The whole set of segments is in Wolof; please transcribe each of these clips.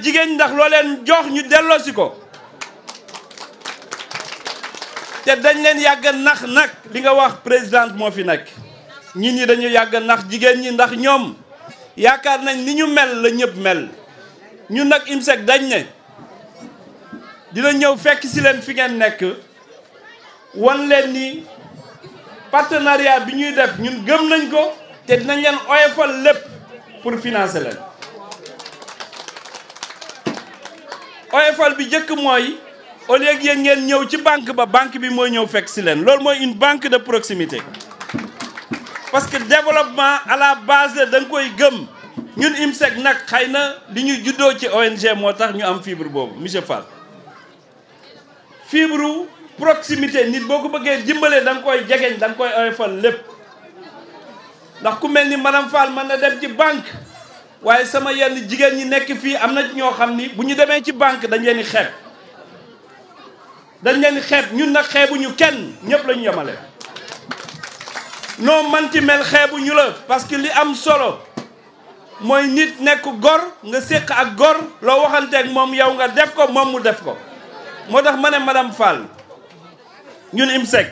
jigéen ndax loo leen jox ñu delloosi ko te dañ leen yàgg nax nag li nga wax présidente moo fi nekk ñit ñi dañu yàgg nax jigéen ñi ndax ñoom yaakaar nañ ni ñu mel la ñëpp mel ñun nag IMSEC dañ ne dina ñëw fekk si leen fi ngeen nekk wan leen ni partenariat bi ñuy def ñun gëm nañ ko te dinañ leen oyofal lépp pour financer leen oyofal bi njëkk mooy au lieu yéen ngeen ñëw ci banque ba banque bi mooy ñëw fekk si leen loolu mooy une banque de proximité parce que développement à la base da nga koy gëm ñun IMSEC nag xëy na li ñu juddoo ci ONG moo tax ñu am fibre boobu monsieur Fall fibre proximité nit boo ko bëggee dimbalee da nga koy jegeñ da nga koy oyofal lépp ndax ku mel ni madame Fall mën na dem ci banque waaye sama yenn jigéen ñi nekk fii am na ñoo xam ni bu ñu demee ci banque dañ leen di dañ leen di ñun nag xeebuñu kenn ñëpp la ñu noo mën ci mel xeebuñu la parce que li am solo mooy nit nekk gor nga séq ak gor loo waxanteeg moom yow nga def ko moom mu def ko moo tax ma ne madame Fall ñun IMSEC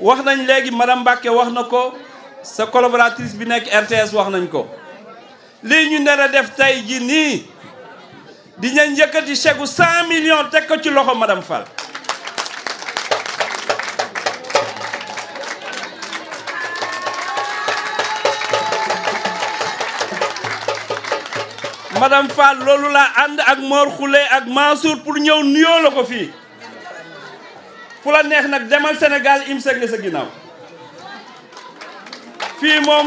wax nañ léegi madame Mbacke wax na ko. sa collaboratrice bi nekk RTS wax nañ ko lii ñu nar def tey ji nii dinañ yëkkati chèque cent millions teg ko ci loxo madame Fall madame loolu laa ànd ak Mor Khoule ak Mansour pour ñëw nuyoo la ko fii fu la neex nag demal Sénégal im segle sa ginnaaw fii moom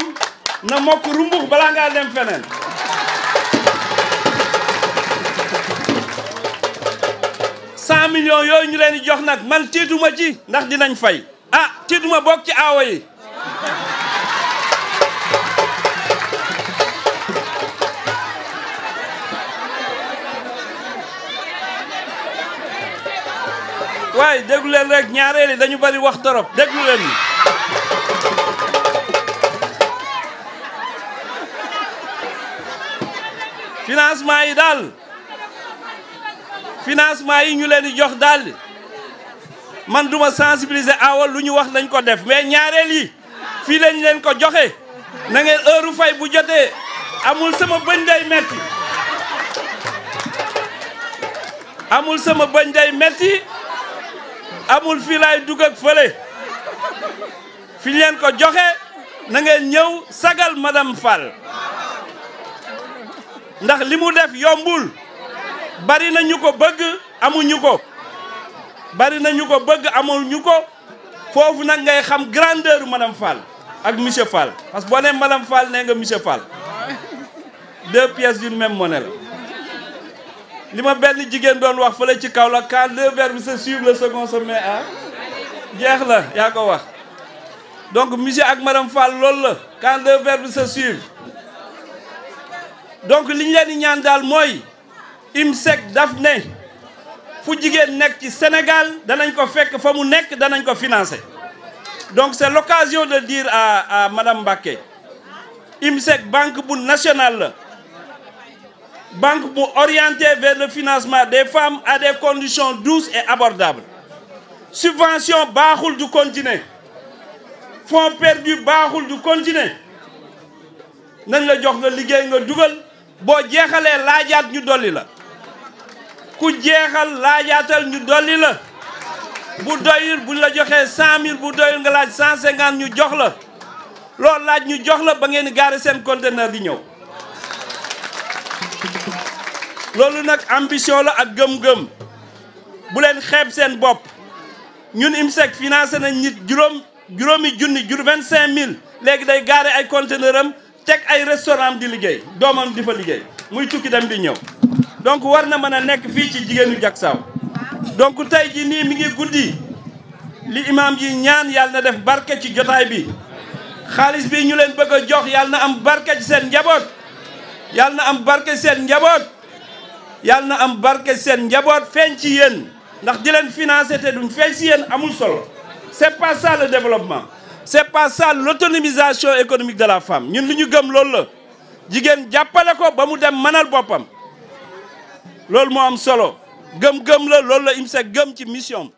na mokk rumbux bala ngaa dem feneen cent millions yooyu ñu leen di jox nag man tiituma ci ndax dinañ fay ah tiituma bokk ci aawo yi waaye déglu leen rek ñaareel yi dañu bari wax torop déglu leen financement yi daal financement yi ñu leen di jox daal man duma sensibiliser awal lu ñu wax nañ ko def mais ñaareel yi fii lañ leen ko joxe na ngeen fay bu jote amul sama bëñ day metti amul sama bëñ day amul fii laay dugg ak fële fi leen ko joxe na ngeen ñëw sagal madame Fall ndax li mu def yombul bari na ñu ko bëgg amuñu ko bari nañu ko bëgg amuñu ko foofu nag ngay xam grandeur madame Fall ak monsieur Fall parce que boo nee madame nee nga monsieur Fall deux pièces d'une même mone la li ma benn jigéen doon wax fële ci kaw la quand deux verbes se suivent le second se met à jeex la yaa ko wax donc monsieur ak madame Fall loolu la quand deux verbes se suivent donc li ñu leen di ñaan daal mooy IMSEC daf fu jigéen nekk ci Sénégal danañ ko fekk fa mu nekk danañ ko financer donc c'est l'occasion de diir à à madame Mbacké IMSEC banque bu nationale la banque bu orientée vers le financement des femmes à des conditions douces et abordables subvention baaxul du continuer fonds perdu baaxul du continuer nañ la jox nga liggéey nga dugal boo jeexalee laajaat ñu dolli la ku jeexal laajaatal ñu dolli la bu doyul buñ la joxee cent mille bu doyul nga laaj cent cinquante ñu jox la loolu laaj ñu jox la ba ngeen gaare seen conteneur di ñëw loolu nag ambition la ak gëm-gëm bu leen xeeb seen bopp ñun IMSEC financé nañ nit juróom juróomi junni jur vingt cinq mille léegi day gaare ay conteneur am teg ay restaurant di liggéey doomam di fa liggéey muy tukki dem di ñëw donc war na mën a nekk fii ci jigéenu Jaksaaw donc tey ji nii mi ngi guddi li imaam ji ñaan yàlla na def barke ci jotaay bi xaalis bi ñu leen bëgg a jox yàlla na am barke ci seen njaboot yàlla na am barke seen njaboot yàlla na am barke seen njaboot feeñ ci yéen ndax di leen financé te duñ feeñ ci yéen amul solo c'est pas ça développement c'est pas ça l'autonomisation économique de la femme ñun lu ñu gëm loolu la jigéen jàppale ko ba mu dem manal boppam loolu moo am solo gëm-gëm la loolu la IMSEC gëm ci mission